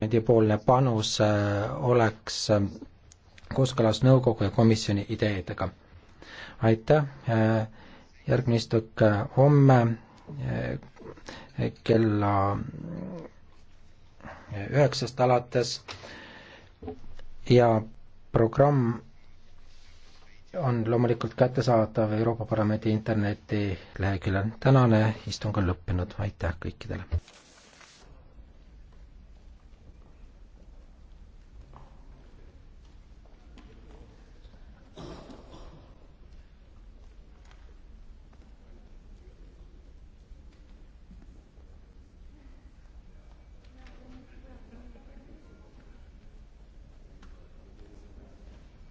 parlamendipoolne panus äh, oleks äh, kooskõlas nõukogu ja komisjoni ideedega. aitäh, äh, järgmine istung homme kella üheksast alates ja programm on loomulikult kättesaadav Euroopa Parlamendi internetileheküljel. tänane istung on lõppenud, aitäh kõikidele!